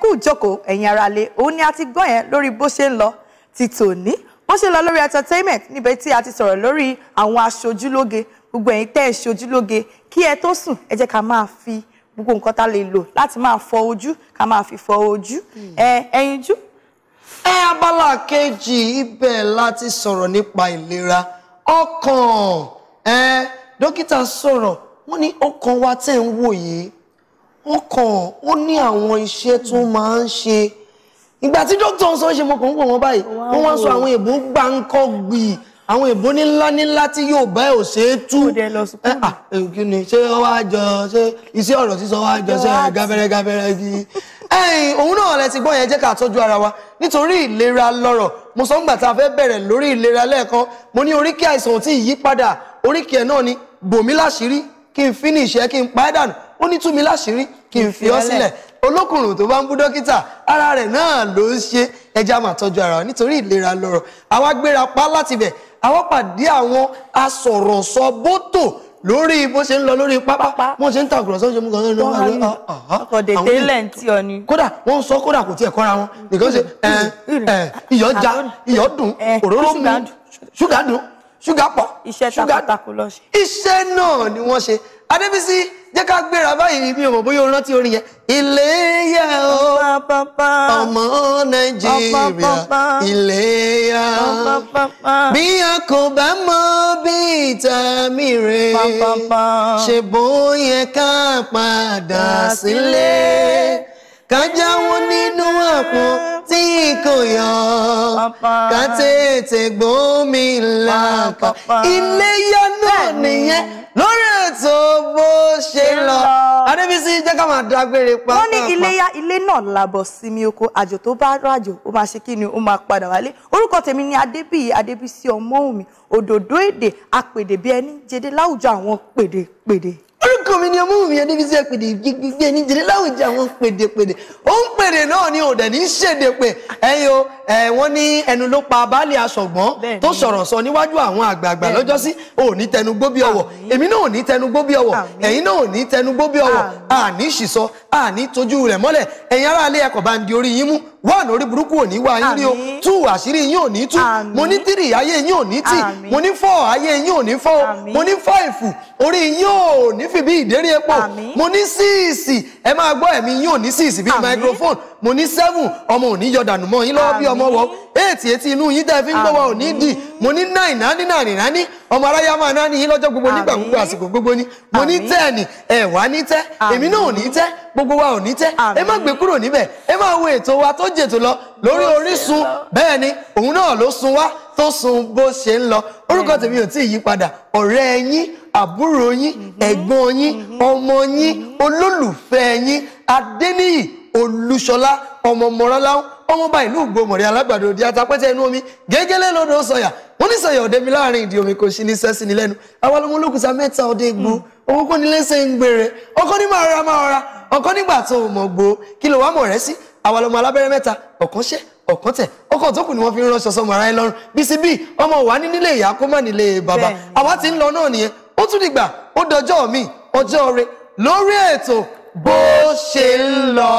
kú ìjókòó ẹ̀yin aráalé òun ni a ti gbọ́ yẹn lórí bó ṣe ń lọ ti tòní bó ṣe lọ lórí entertainment níbi tí a ti sọ̀rọ̀ lórí àwọn aṣojúlóge gbogbo ẹ̀yin tẹ́ ẹ̀ ṣojúlóge kí ẹ tó sùn ẹ jẹ́ ká máa fi gbogbo nǹkan tá lè lò láti máa fọ ojú ká máa fi fọ ojú hmm. ẹyinjú. ẹ abala kejì ibẹ̀ láti sọ̀rọ̀ nípa ìlera ọkàn ẹ dókítà sọ̀rọ̀ wọ́n ní ọkàn wa tẹ̀ ń wò yìí wọ́n kàn ó ní àwọn iṣẹ́ tó máa ń ṣe ìgbà tí dókítà ń sọ ṣe mo kàn ń pò wọ́n báyìí wọ́n wá ń sọ àwọn èèbó gbáǹkọ́ gbì àwọn èèbó ńlá ńlá tí yóò bá ò ṣe é tú kí ni ṣé wá jọ ṣé iṣẹ́ ọ̀rọ̀ sísọ wá jọ ṣe gábẹ́rẹ́ gábẹ́rẹ́ gidi ẹ̀yin òun náà lẹ ti gbọ́ yẹn jẹ́ ká tọ́jú ara wa nítorí ìlera lọ́rọ̀ mo sọ ń gbà tá a fẹ́ bẹ̀rẹ̀ lórí ìlera lẹ́ẹ̀kan mo ní oríkì àìsàn tí ì yí padà oríkì ẹ̀ náà ni bòmí láṣìírí kí n finish ẹ kí n pa ẹ́ dànù ó ní tú mi láṣìírí kí n fi ọ́ sílẹ̀ olókùnrin tó bá ń bú dókítà ara rẹ̀ náà ló ń ṣe ẹja máa tọ́jú ara nítorí ìlera lọ́rọ̀ àwa gbéra pa láti bẹ̀ àwa pàdé àwọn asọ̀rọ̀sọ̀bótò lórí bó ṣe ń lọ lórí pápá wọn ṣe ń tàkùrọ̀ sọ́jọ́ mú gan-an lọ́wọ́ ọkọ̀ dèdè ilẹ̀ ń tí ọ ni. kódà wọ́n ń sọ kódà kò tiẹ̀ kọ́ra wọn nìkan ṣe iyọ̀ já iyọ̀ dùn òróró mu ṣúgà dùn ṣúgà pọ̀ ṣúgà iṣẹ́ náà ni wọ́n ṣe Adébísí jẹ́ ká gbéra báyìí mi ò mọ̀ bóyá o rántí orin yẹn. Iléyá o ọmọ Nàìjíríà Iléyá bí a kò bá mọ bí ìta mi rè ṣe bóyá ká padà sílé ká jáwọ́ nínú àpọ̀n tí kò yọ ká tètè gbómi làkà Iléyá náà nìyẹn lórí ètò bó ṣe lọ adébísí jẹ́ ká máa dágbére pa. wọ́n ní iléyá ilé náà làbọ̀ sinmi oko àjò tó bá rájò ó máa ṣe kí ni ó máa padà wálé orúkọ tèmi ni adébíyí adébísí ọmọ òmí òdòdó èdè apèdè bí ẹni jẹdẹ láwùjọ àwọn pèdèpèdè ọkàn mi ni ọmú mi ẹni fi sí ẹpèdè gbígbé ẹni jẹrẹ láwùjọ àwọn pèdèpèdè ó ń pèrè náà ni òdẹ ní ṣèdèpè ẹyọ wọn ní ẹnu ló pa baálé aṣọgbọn tó sọ̀rọ̀ sọ níwájú àwọn àgbààgbà lọ́jọ́sí ò ní tẹnu gbó bí ọwọ̀ èmi náà ò ní tẹnu gbó bí ọwọ̀ ẹ̀yin náà ò ní tẹnu gbó bí ọwọ̀ àní ṣìṣọ àní tójú rẹ̀ mọ́lẹ̀ ẹ̀yin aráalé ẹkọ bá ń di orí yín mú one orí burúkú ò ní wá yín rí o two àṣírí yín ò ní tú mo ní three ayé yín ò ní tì mo ní four ayé yín ò ní fọ́ mo ní five orí yín ò ní fi bí ìdérí epo mo ní six ẹ máa gbọ́ ẹ̀mí yín ò ní six bí microphone mo ní seven ọmọ òní yọ dànù mọ yín lọ́wọ́ bí ọmọ wọ eight etí inú yín fi ń gbọ́wọ́ ò ní mo ní nine nání nání ní ọmọ aráyá máa nání yín lọ́jọ́ gbogbo nígbà gbogbo àsìkò gbogbo ni mo ní ten ẹwà ní tẹ́ èmi náà ò ní tẹ́ gbogbo wa ò ní tẹ́ ẹ gbé kúrò níbẹ̀ ẹ wo ètò wa tó jètò lọ lórí Orísun bẹ́ẹ̀ ni olúṣọlá ọmọ mọ̀ránláhùn ọmọọba ìlú ògbómọ̀rẹ́ alágbàdo òdi atapẹ́tẹ́ inú omi gẹ́gẹ́lẹ́ lọ́dọ̀ sọ̀yà wọ́n ní sọ̀yà ọ̀dẹ́ mi láàrin ìdí omi kò sí ní sẹ́sì ní lẹ́nu àwọn ọmọ olókùúta mẹ́ta ọdẹ gbó hmm. owó kò ní lẹ́sẹ̀ ń gbére ọkọ ní máa ra máa ra ọkọ nígbà tó mọ̀ gbó kí ló wá mọ̀ rẹ́ sí àwọn ọmọ alábẹ́rẹ́ mẹ́ta ọ̀kan ṣẹ́ ọ̀kan tẹ̀ ọkọ̀ tó kù ni wọ́n fi ń ránṣọ sọmọ ara ẹ lọ́rùn bí sí bí ọmọ wà ní nílé ìyá kó má nílé bàbá àwa ti ń lọ náà nìyẹn ó tún dìgbà ó dọjọ́ mi ọjọ́ rẹ lórí ètò bó ṣe ń lọ